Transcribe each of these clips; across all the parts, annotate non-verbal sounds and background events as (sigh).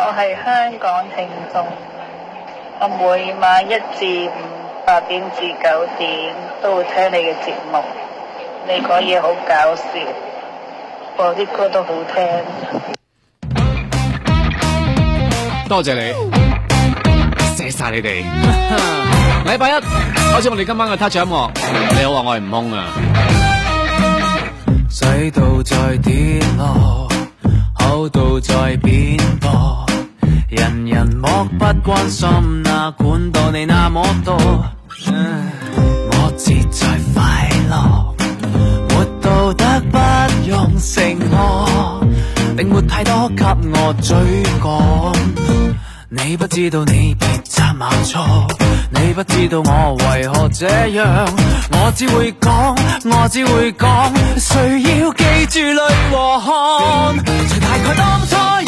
我係香港聽眾，我每晚一至五八點至九點都會聽你嘅節目，你講嘢好搞笑，播啲歌都好聽。多謝你，謝晒你哋。禮 (laughs) 拜一，好似我哋今晚嘅 touch 音樂，你好話我係唔空啊！水道在跌落，口度在變薄。人人漠不關心，哪管到你那麼多，yeah？我自在快樂，沒道德不用承諾，並沒太多給我追趕。你不知道你別責罵錯，你不知道我為何這樣，我只會講，我只會講，誰要記住淚和汗？才 (noise) 大概當初。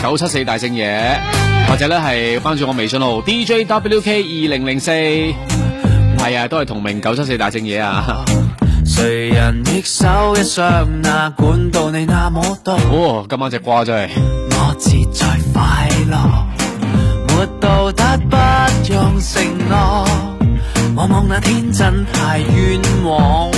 九七四大正嘢，或者咧係關注我微信號 D J W K 二零零四，係啊，都係同名九七四大正嘢啊。誰人亦手一雙，那管到你那麼多。哦，今晚只瓜真係。我自在快樂，沒道德不用承諾。我望那天真太冤枉，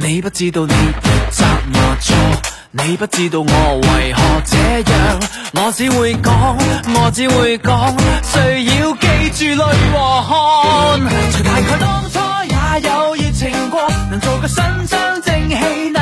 你不知道你的責罵錯。你不知道我為何這樣，我只會講，我只會講，誰要記住淚和汗？誰大概當初也有熱情過，能做個新張正氣。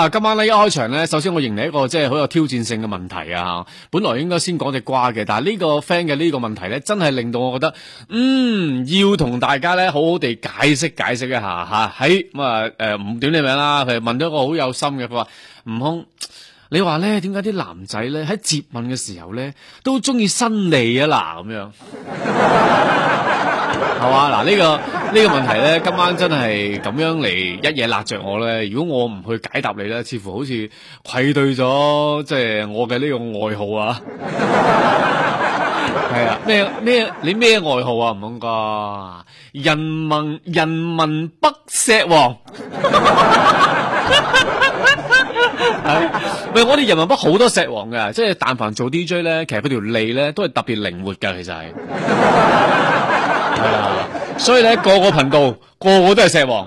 啊！今晚咧一開場咧，首先我迎嚟一個即係好有挑戰性嘅問題啊！本來應該先講隻瓜嘅，但係呢個 friend 嘅呢個問題咧，真係令到我覺得，嗯，要同大家咧好好地解釋解釋一下吓，喺咁啊誒，唔、呃、點你名啦，佢問咗一個好有心嘅，佢話：悟空，你話咧點解啲男仔咧喺接吻嘅時候咧都中意伸脷啊嗱咁樣。 (laughs) 係嘛嗱？呢、啊這個呢、這個問題咧，今晚真係咁樣嚟一嘢辣着我咧。如果我唔去解答你咧，似乎好似愧對咗，即、就、係、是、我嘅呢個愛好啊。係 (laughs) 啊，咩咩你咩愛好啊？唔永嘉，人民人民北石王。係、 (laughs) 啊，喂，我哋人民北好多石王噶，即係但凡做 DJ 咧，其實佢條脷咧都係特別靈活噶，其實係。 (laughs) 係啦，所以咧，個個頻道，個個都係石王，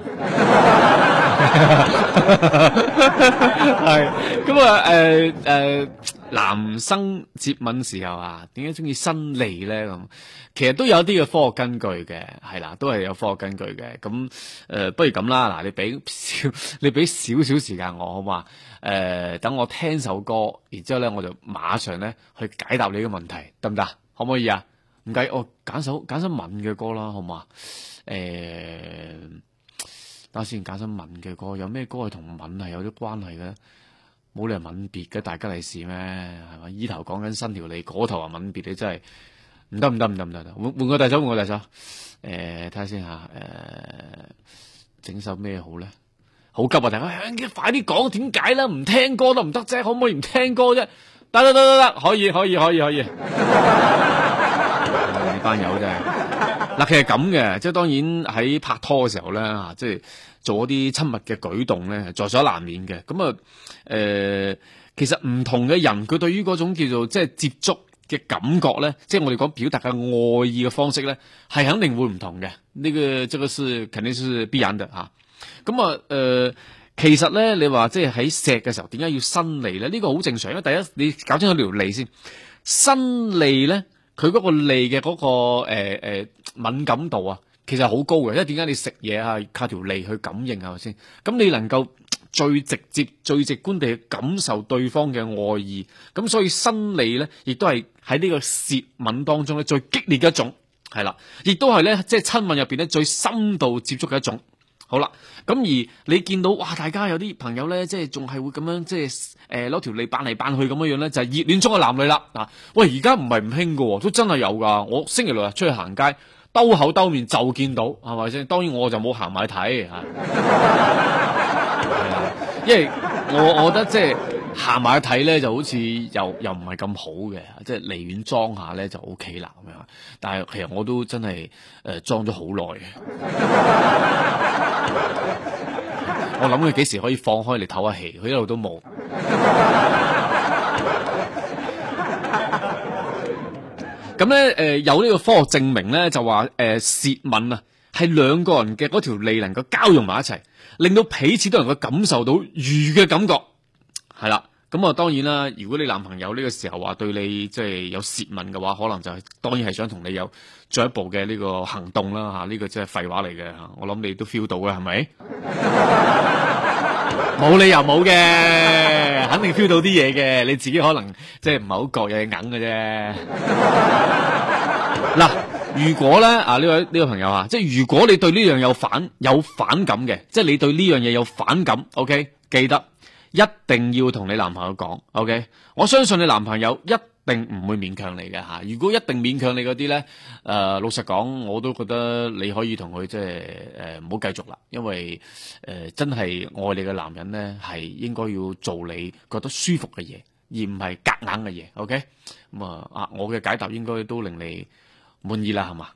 係咁啊！誒誒、呃呃，男生接吻時候啊，點解中意伸脷咧？咁其實都有啲嘅科學根據嘅，係啦，都係有科學根據嘅。咁誒、呃，不如咁啦，嗱，你俾少，你俾少少時間我好嘛？誒、呃，等我聽首歌，然之後咧，我就馬上咧去解答你嘅問題，得唔得？可唔可以啊？行唔計，我揀、哦、首揀首吻嘅歌啦，好嘛？誒、欸，等下先，揀首吻嘅歌，有咩歌係同吻係有啲關係嘅咧？冇理由吻別嘅大吉利是咩？係咪依頭講緊伸條脷，嗰頭啊吻別，你真係唔得唔得唔得唔得，換換個大手，換個大手。誒、欸，睇下先吓，誒、啊，整首咩好咧？好急啊！大家、哎、快啲講點解啦，唔聽歌都唔得啫，可唔可以唔聽歌啫？得得得得得，可以可以可以可以。可以可以 (laughs) 班友啫，嗱，其實咁嘅，即係當然喺拍拖嘅時候咧，吓，即係做一啲親密嘅舉動咧，在所難免嘅。咁啊，誒，其實唔同嘅人，佢對於嗰種叫做即係、就是、接觸嘅感覺咧，即、就、係、是、我哋講表達嘅愛意嘅方式咧，係肯定會唔同嘅。呢、這個即係、這個、是，肯定是必然嘅吓。咁啊，誒、嗯嗯、呃，其實咧，你話即係喺錫嘅時候，點解要伸脷？咧，呢、這個好正常，因為第一你搞清楚條脷先，伸脷咧。佢嗰個脷嘅嗰個誒、欸欸、敏感度啊，其實好高嘅，因為點解你食嘢啊，靠條脷去感應係咪先？咁你能夠最直接、最直觀地感受對方嘅愛意，咁所以親脷咧，亦都係喺呢個舌吻當中咧最激烈嘅一種，係啦，亦都係咧，即係親吻入面咧最深度接觸嘅一種。好啦，咁而你見到哇，大家有啲朋友咧，即係仲係會咁樣，即係誒攞條脷扮嚟扮去咁樣樣咧，就係、熱戀中嘅男女啦、啊。喂，而家唔係唔興喎，都真係有噶。我星期六日出去行街，兜口兜面就見到，係咪先？當然我就冇行埋睇，因為我，我覺得即係行埋睇咧，就好似又又唔係咁好嘅，即、啊、係、就係、離遠裝下咧就 O K 啦咁樣。但係其實我都真係誒、呃、裝咗好耐。 (laughs) 我諗佢幾時可以放開嚟唞下氣？佢一路都冇。咁咧，誒，有呢個科學證明咧，就話，誒，舌吻啊，係兩個人嘅嗰條脷能夠交融埋一齊，令到彼此都能夠感受到魚嘅感覺，係啦。咁啊、嗯，當然啦！如果你男朋友呢個時候話對你即係、就是、有舌吻嘅話，可能就係、是、當然係想同你有進一步嘅呢個行動啦吓，呢、啊這個真係廢話嚟嘅吓。我諗你都 feel 到嘅係咪？冇 (laughs) 理由冇嘅，肯定 feel 到啲嘢嘅。你自己可能即係唔係好覺有嘢硬嘅啫。嗱， (laughs) 如果咧啊呢位呢個朋友啊，即係如果你對呢樣有反有反感嘅，即係你對呢樣嘢有反感，OK 記得。一定要同你男朋友講，OK？我相信你男朋友一定唔會勉強你嘅吓。如果一定勉強你嗰啲呢，誒，老實講，我都覺得你可以同佢即係誒，唔好繼續啦。因為誒，真係愛你嘅男人呢，係應該要做你覺得舒服嘅嘢，而唔係夾硬嘅嘢。OK？咁啊啊，我嘅解答應該都令你滿意啦，係嘛？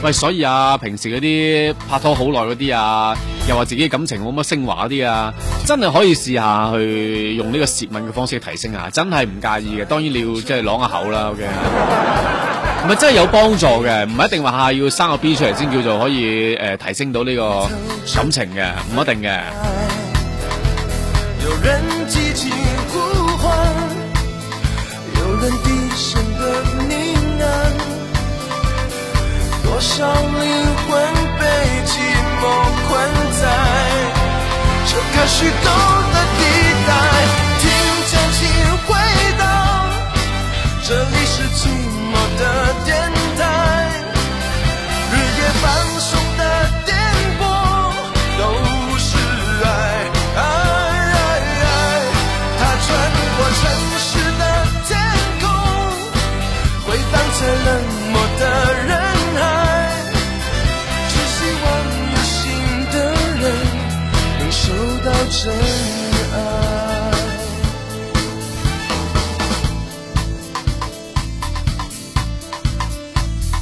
喂，所以啊，平時嗰啲拍拖好耐嗰啲啊，又話自己的感情冇乜升華啲啊，真係可以試下去用呢個舌吻嘅方式去提升下，真係唔介意嘅。當然你要即係啷下口啦，OK？唔、啊、係 (laughs) 真係有幫助嘅，唔一定話要生個 B 出嚟，先叫做可以誒、呃、提升到呢個感情嘅，唔一定嘅。有人多少靈魂被寂寞困在這個虛構的地帶。真愛。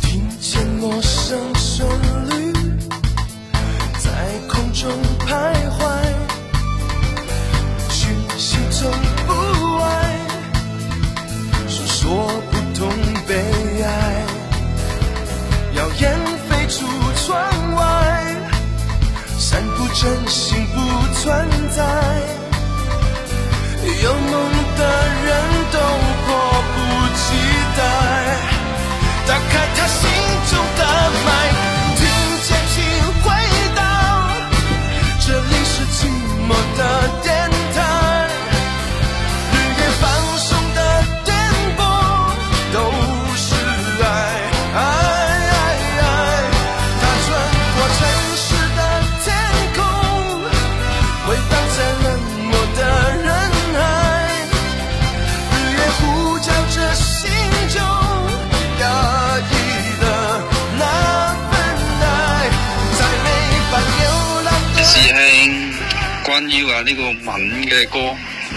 聽見陌生旋律在空中徘徊，訊息中不愛，訴說不同悲哀。謠言飛出窗外，散布真心不傳。關於呢個吻嘅歌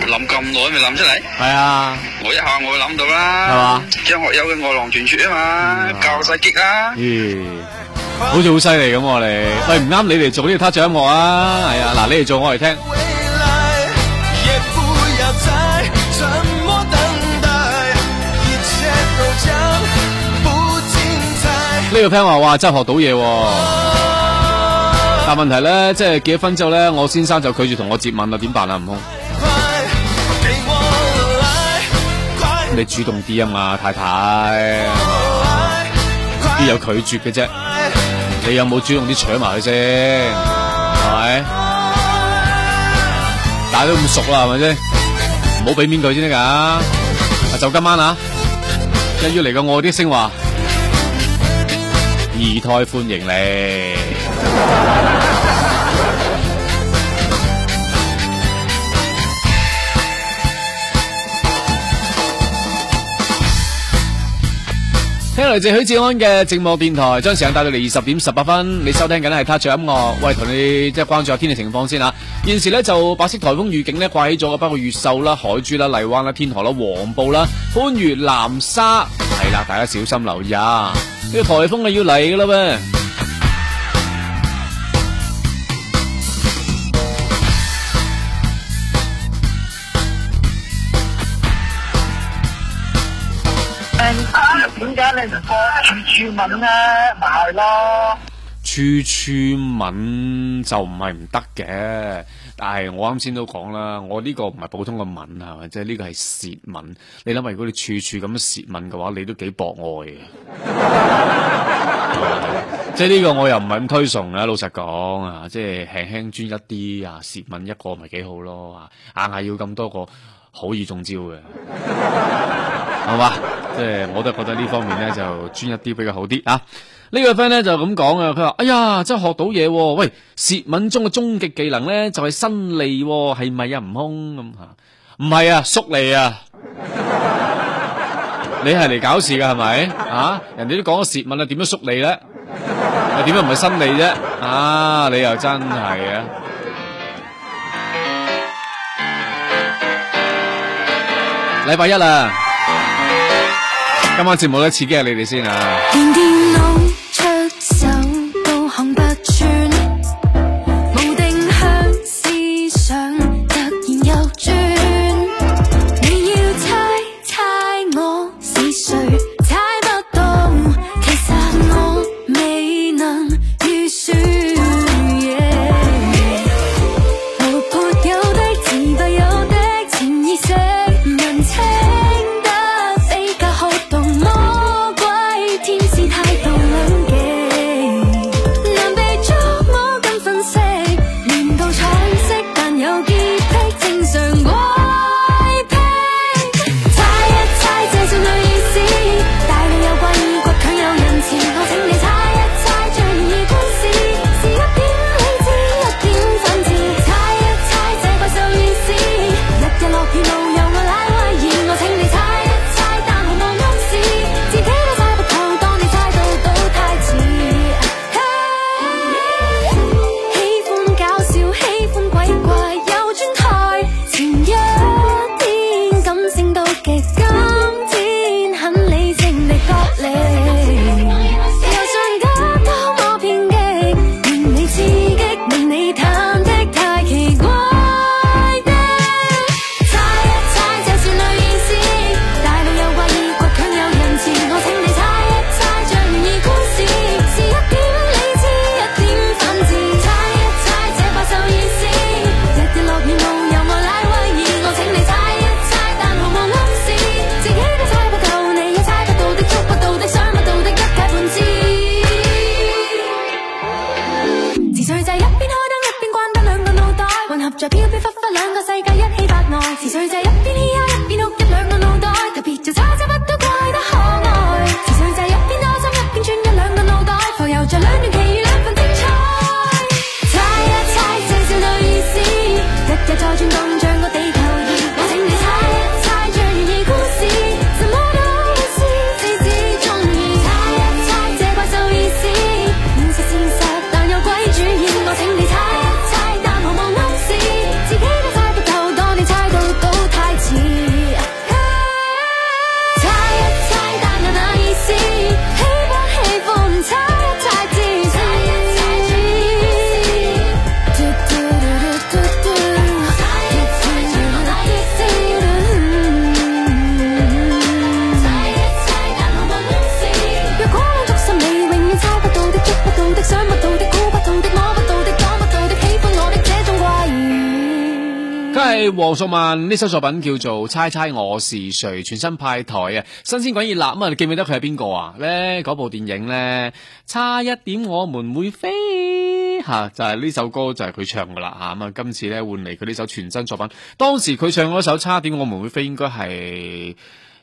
諗咁耐都未諗出嚟，係啊，我一下我諗到啦，係嘛？張學友嘅《餓狼傳說》啊嘛，夠晒激啊！咦，好似好犀利咁喎你，喂，唔啱你嚟做呢個他掌音樂啊？係啊，嗱，你嚟做我嚟聽。呢個聽話哇，真係學到嘢。但問題咧，即係結咗婚之後咧，我先生就拒絕同我接吻啦，點辦啊？唔好，你主動啲啊嘛，太太，邊 I. (cries) 有拒絕嘅啫？你有冇主動啲搶埋佢先？係咪 I .？大家都咁熟啦，係咪先？唔好俾面佢先得噶。就今晚啊，一於嚟個我啲聲話，二胎歡迎你。 (laughs) 嚟自許志安嘅靜默電台，將時間帶到嚟二十點十八分，你收聽緊係《塔雀音樂》。喂，同你即係關注下天氣情況先吓。現時咧就白色颱風預警咧掛起咗嘅，包括越秀啦、海珠啦、荔灣啦、天河啦、黃埔啦、番禺、南沙係啦，大家小心留意啊！呢、這個颱風係要嚟嘅啦噃。你唔好處處吻啦，咪係咯？處處吻就唔係唔得嘅。但係我啱先都講啦，我呢個唔係普通個吻係咪？即係呢個係舌吻。你諗下，如果你處處咁樣舌吻嘅話，你都幾博愛嘅。即係呢個我又唔係咁推崇啦。老實講啊，即係輕輕專一啲啊，舌吻一個咪幾好咯啊！硬係要咁多個，好易中招嘅。 (laughs) 好嘛，即係我都覺得呢方面咧就專一啲比較好啲啊！呢個 friend 咧就咁講啊，佢話：哎呀，真係學到嘢！喂，舌吻中嘅終極技能咧就係伸利，係咪啊？悟空咁吓，唔係啊，縮利啊！你係嚟搞事嘅係咪啊？人哋都講咗舌吻啊，點樣縮利咧？點樣唔係伸利啫？啊，你又真係啊！禮拜一啊！今晚節目咧，刺激下你哋先啊！萬呢首作品叫做《猜猜我是誰》全新派台啊！新鮮滾熱辣，啊。你記唔記得佢係邊個啊？咧部電影咧，差一點我們會飛吓，就係、是、呢首歌就係佢唱噶啦吓咁啊！今次咧換嚟佢呢首全新作品，當時佢唱嗰首《差一點我們會飛》應該係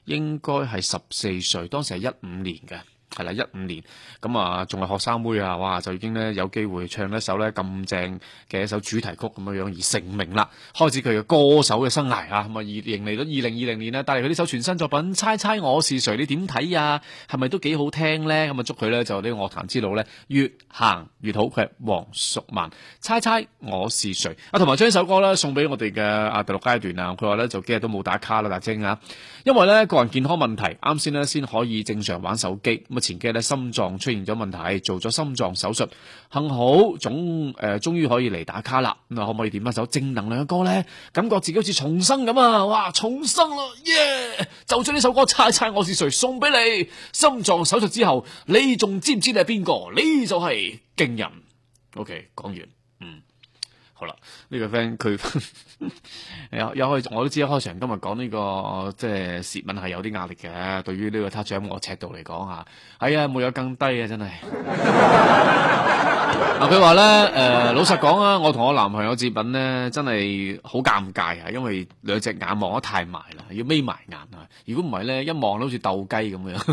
應該係十四歲，當時係一五年嘅。係啦，一五年咁啊，仲、嗯、係學生妹啊，哇，就已經呢，有機會唱一首呢咁正嘅一首主題曲咁樣樣而成名啦，開始佢嘅歌手嘅生涯啊，咁、嗯、啊，迎嚟咗二零二零年呢，帶嚟佢呢首全新作品《猜猜我是誰》，你點睇啊？係咪都幾好聽呢？咁、嗯、啊，祝佢呢，就呢個樂壇之路呢，越行越好。佢係黃淑蔓，《猜猜我是誰》啊，同埋將呢首歌呢，送俾我哋嘅啊第六階段啊，佢話呢，就幾日都冇打卡啦，大晶啊，因為呢個人健康問題，啱先呢，先可以正常玩手機。前幾日心臟出現咗問題，做咗心臟手術，幸好總誒終於可以嚟打卡啦。咁啊，可唔可以點一首正能量嘅歌呢？感覺自己好似重生咁啊！哇，重生咯，耶、yeah!！就將呢首歌《猜猜我是誰》送俾你。心臟手術之後，你仲知唔知你係邊個？你就係驚人。OK，講完。好啦，呢、這個 friend 佢 (laughs) 有有開，我都知一開場今日講呢個即係舌吻係有啲壓力嘅。對於呢個 touch，我尺度嚟講下，係、哎、啊，冇有，有更低啊，真係。嗱， (laughs) 佢話咧，誒，老實講啊，我同我男朋友接吻呢，真係好尷尬啊，因為兩隻眼望得太埋啦，要眯埋眼啊。如果唔係咧，一望都好似鬥雞咁樣。 (laughs) (laughs)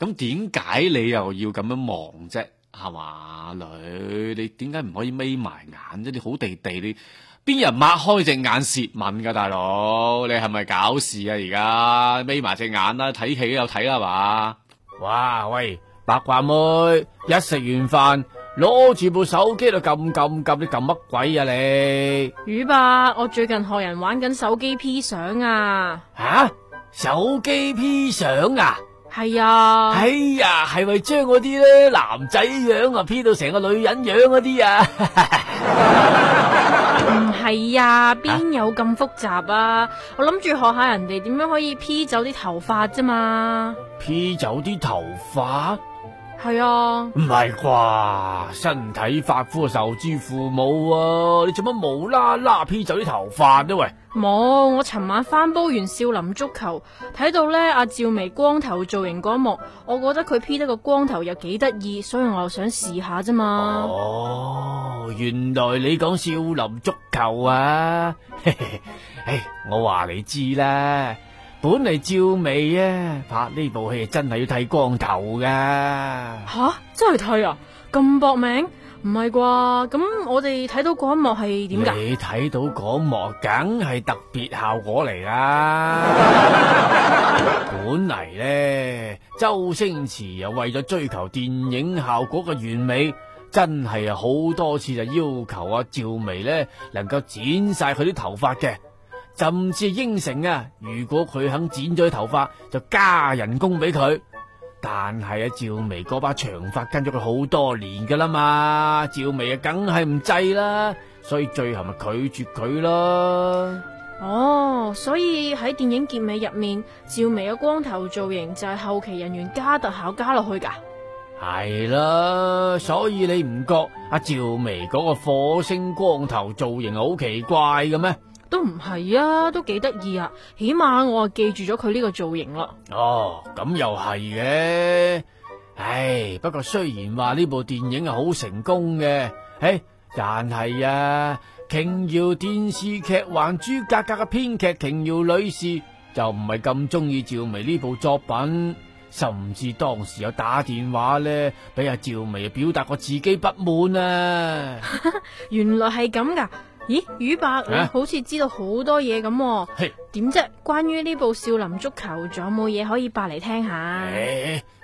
咁點解你又要咁樣望啫？係嘛女，你點解唔可以眯埋眼啫？你好地地，你邊人擘開隻眼舌吻噶，大佬，你係咪搞事啊？而家眯埋隻眼啦，睇戲都有睇啦，係嘛？哇喂，八卦妹，一食完飯攞住部手機度撳撳撳，你撳乜鬼啊你？雨伯，我最近學人玩緊手機 P 相啊。啊，手機 P 相啊？係啊，哎呀，係咪將嗰啲咧男仔樣啊 P 到成個女人樣嗰啲啊？唔係呀，邊有咁複雜啊？啊我諗住學下人哋點樣可以 P 走啲頭髮啫嘛。P 走啲頭髮。係啊，唔係啩？身體髮膚受之父母，啊，你做乜無啦啦 P 走啲頭髮啫？喂，冇，我尋晚翻煲完少林足球，睇到咧、啊、阿趙薇光頭造型嗰幕，我覺得佢 P 得個光頭又幾得意，所以我又想試下啫嘛。哦，原來你講少林足球啊？嘿 (laughs) 嘿，我話你知啦。本嚟，趙薇啊拍呢部戲真係要剃光頭噶吓？真係剃啊？咁搏命？唔係啩？咁我哋睇到嗰一幕係點噶？你睇到嗰幕梗係特別效果嚟啦。 (laughs) 本嚟咧，周星馳又為咗追求電影效果嘅完美，真係啊，好多次就要求阿趙薇咧，能夠剪晒佢啲頭髮嘅。甚至應承啊！如果佢肯剪咗頭髮，就加人工俾佢。但係阿趙薇嗰把長髮跟咗佢好多年噶啦嘛，趙薇啊，梗係唔制啦，所以最後咪拒絕佢咯。哦，所以喺電影結尾入面，趙薇嘅光頭造型就係後期人員加特效加落去噶。係啦，所以你唔覺阿趙薇嗰個火星光頭造型好奇怪嘅咩？都唔係啊，都幾得意啊，起碼我啊記住咗佢呢個造型啦。哦，咁又係嘅，唉，不過雖然話呢部電影係好成功嘅，誒，但係啊瓊瑤電視劇《還珠格格》嘅編劇瓊瑤女士就唔係咁中意趙薇呢部作品，甚至當時有打電話咧俾阿趙薇表達過自己不滿啊。原來係咁噶。咦，宇伯，你、啊哦、好似知道好多嘢咁，點啫是？關於呢部《少林足球》，仲有冇嘢可以白嚟聽下？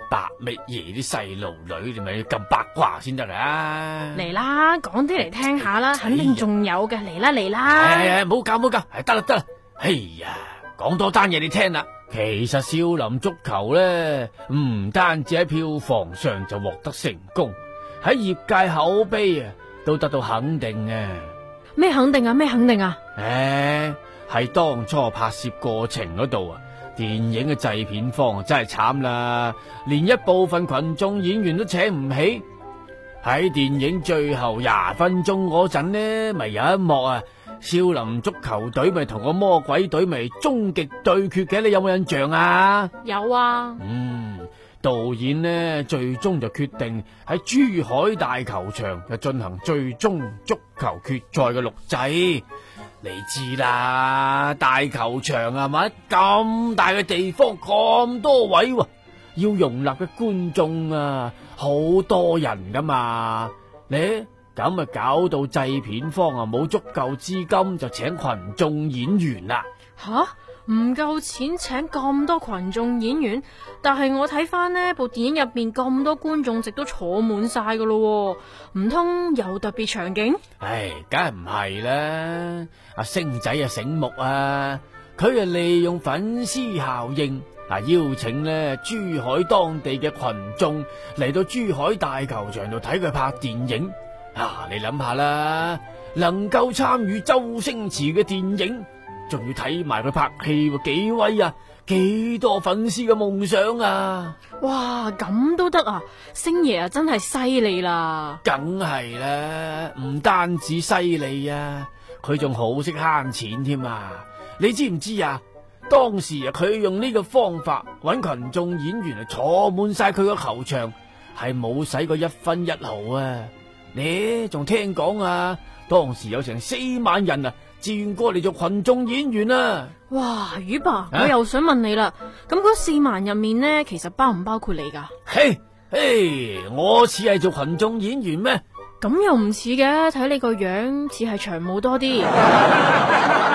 白乜爺啲細路女，你咪咁八卦先得、啊、啦！嚟啦，講啲嚟聽下啦，哎、肯定仲有嘅，嚟啦嚟啦！係冇搞冇搞，係得啦得啦。哎呀，講多單嘢你聽啦。其實《少林足球》呢咧，唔單止喺票房上就獲得成功，喺業界口碑啊都得到肯定嘅、啊。咩肯定啊？咩肯定啊？誒，係當初拍攝過程嗰度啊，電影嘅製片方真係慘啦，連一部分群眾演員都請唔起。喺電影最後廿分鐘嗰陣呢，咪有一幕啊，少林足球隊咪同個魔鬼隊咪終極對決嘅，你有冇印象啊？有啊。嗯。導演呢，最終就決定喺珠海大球場就進行最終足球決賽嘅錄製，你知啦，大球場係咪咁大嘅地方咁多位，啊，要容納嘅觀眾啊好多人噶嘛，呢咁啊搞到製片方啊冇足夠資金就請群眾演員啦，啊，吓。唔夠錢請咁多群眾演員，但係我睇翻，呢部電影入邊咁多觀眾席都坐滿晒噶咯，唔通有特別場景？唉、哎，梗係唔係啦，阿星仔啊醒目啊，佢啊利用粉絲效應啊邀請咧珠海當地嘅群眾嚟到珠海大球場度睇佢拍電影啊！你諗下啦，能夠參與周星馳嘅電影。仲要睇埋佢拍戲喎，幾威啊！幾多，多粉絲嘅夢想啊！哇，咁都得啊！星爺啊，真係犀利啦！梗係啦，唔單止犀利啊，佢仲好識慳錢添啊！你知唔知啊？當時啊，佢用呢個方法搵群眾演員啊，坐滿晒佢個球場，係冇使過一分一毫啊！你、欸、仲聽講啊？當時有成四萬人啊！自願過嚟做群眾演員啦！哇，魚爸，我又想問你啦，咁嗰四萬入面咧，其實包唔包括你噶？嘿，嘿，我似係做群眾演員咩？咁又唔似嘅，睇你個樣似係長毛多啲。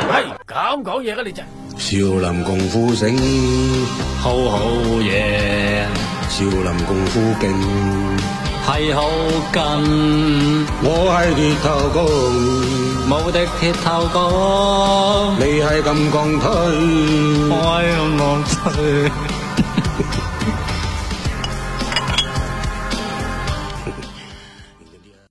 係咁講嘢噶你啫！少林功夫醒，好好嘢！少林功夫勁。係好勁，是近我係鐵頭哥，無敵鐵頭哥，你係金剛腿，我係金剛腿。哎